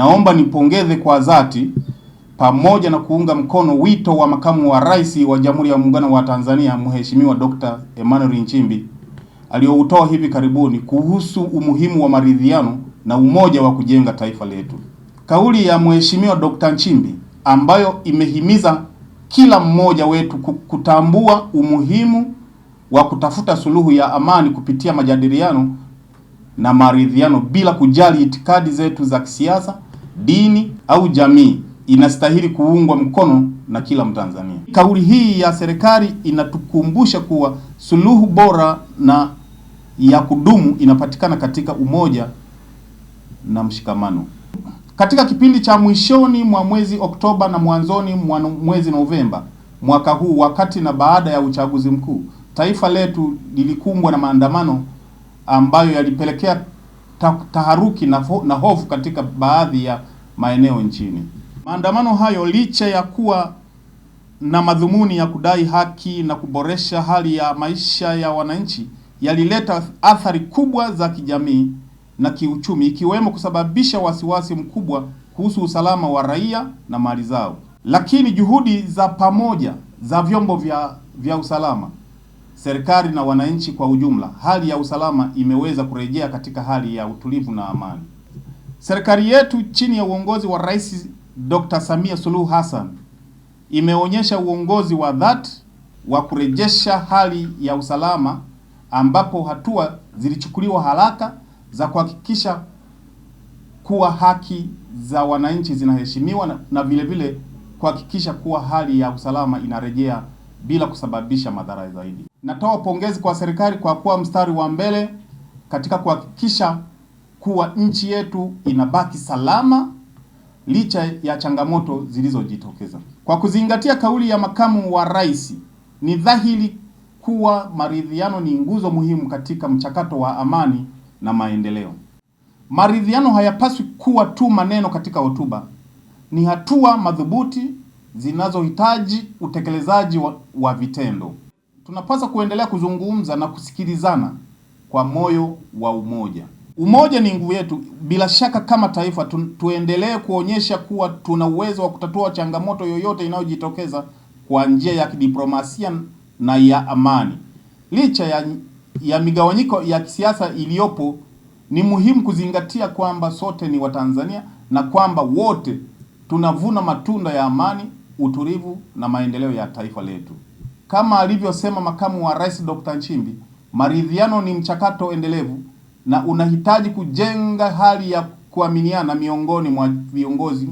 Naomba nipongeze kwa dhati pamoja na kuunga mkono wito wa Makamu wa Rais wa Jamhuri ya Muungano wa Tanzania Mheshimiwa Dr. Emmanuel Nchimbi aliyoutoa hivi karibuni kuhusu umuhimu wa maridhiano na umoja wa kujenga taifa letu. Kauli ya Mheshimiwa Dr. Nchimbi ambayo imehimiza kila mmoja wetu kutambua umuhimu wa kutafuta suluhu ya amani kupitia majadiliano na maridhiano bila kujali itikadi zetu za kisiasa dini au jamii inastahili kuungwa mkono na kila Mtanzania. Kauli hii ya serikali inatukumbusha kuwa suluhu bora na ya kudumu inapatikana katika umoja na mshikamano. Katika kipindi cha mwishoni mwa mwezi Oktoba na mwanzoni mwa mwezi Novemba mwaka huu, wakati na baada ya uchaguzi mkuu, taifa letu lilikumbwa na maandamano ambayo yalipelekea taharuki na, na hofu katika baadhi ya maeneo nchini. Maandamano hayo licha ya kuwa na madhumuni ya kudai haki na kuboresha hali ya maisha ya wananchi, yalileta athari kubwa za kijamii na kiuchumi, ikiwemo kusababisha wasiwasi mkubwa kuhusu usalama wa raia na mali zao. Lakini juhudi za pamoja za vyombo vya, vya usalama serikali na wananchi kwa ujumla, hali ya usalama imeweza kurejea katika hali ya utulivu na amani. Serikali yetu chini ya uongozi wa Rais Dr. Samia Suluhu Hassan imeonyesha uongozi wa dhati wa kurejesha hali ya usalama, ambapo hatua zilichukuliwa haraka za kuhakikisha kuwa haki za wananchi zinaheshimiwa na, na vile vile kuhakikisha kuwa hali ya usalama inarejea bila kusababisha madhara zaidi. Natoa pongezi kwa serikali kwa kuwa mstari wa mbele katika kuhakikisha kuwa nchi yetu inabaki salama licha ya changamoto zilizojitokeza. Kwa kuzingatia kauli ya makamu wa rais, ni dhahiri kuwa maridhiano ni nguzo muhimu katika mchakato wa amani na maendeleo. Maridhiano hayapaswi kuwa tu maneno katika hotuba, ni hatua madhubuti zinazohitaji utekelezaji wa, wa vitendo. Tunapaswa kuendelea kuzungumza na kusikilizana kwa moyo wa umoja. Umoja ni nguvu yetu. Bila shaka, kama taifa tu, tuendelee kuonyesha kuwa tuna uwezo wa kutatua changamoto yoyote inayojitokeza kwa njia ya kidiplomasia na ya amani. Licha ya, ya migawanyiko ya kisiasa iliyopo, ni muhimu kuzingatia kwamba sote ni Watanzania na kwamba wote tunavuna matunda ya amani utulivu na maendeleo ya taifa letu. Kama alivyosema makamu wa rais Dr. Nchimbi, maridhiano ni mchakato endelevu na unahitaji kujenga hali ya kuaminiana miongoni mwa viongozi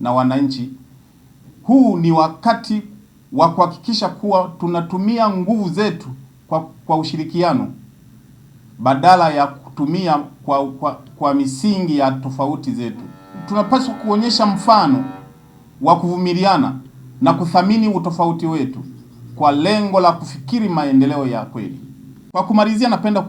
na wananchi. Huu ni wakati wa kuhakikisha kuwa tunatumia nguvu zetu kwa, kwa ushirikiano badala ya kutumia kwa, kwa, kwa misingi ya tofauti zetu. Tunapaswa kuonyesha mfano wa kuvumiliana na kuthamini utofauti wetu kwa lengo la kufikiri maendeleo ya kweli. Kwa kumalizia, napenda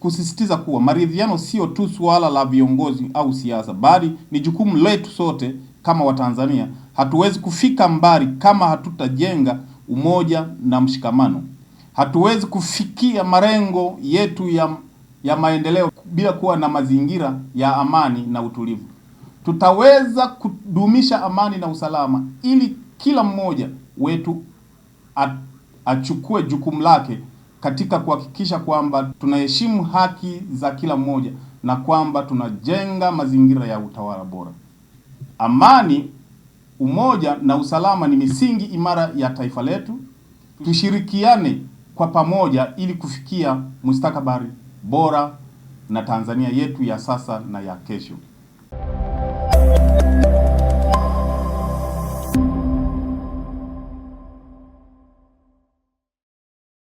kusisitiza kuwa maridhiano sio tu suala la viongozi au siasa, bali ni jukumu letu sote kama Watanzania. Hatuwezi kufika mbali kama hatutajenga umoja na mshikamano. Hatuwezi kufikia malengo yetu ya, ya maendeleo bila kuwa na mazingira ya amani na utulivu tutaweza kudumisha amani na usalama ili kila mmoja wetu achukue jukumu lake katika kuhakikisha kwamba tunaheshimu haki za kila mmoja na kwamba tunajenga mazingira ya utawala bora. Amani, umoja na usalama ni misingi imara ya taifa letu. Tushirikiane kwa pamoja ili kufikia mustakabali bora na Tanzania yetu ya sasa na ya kesho.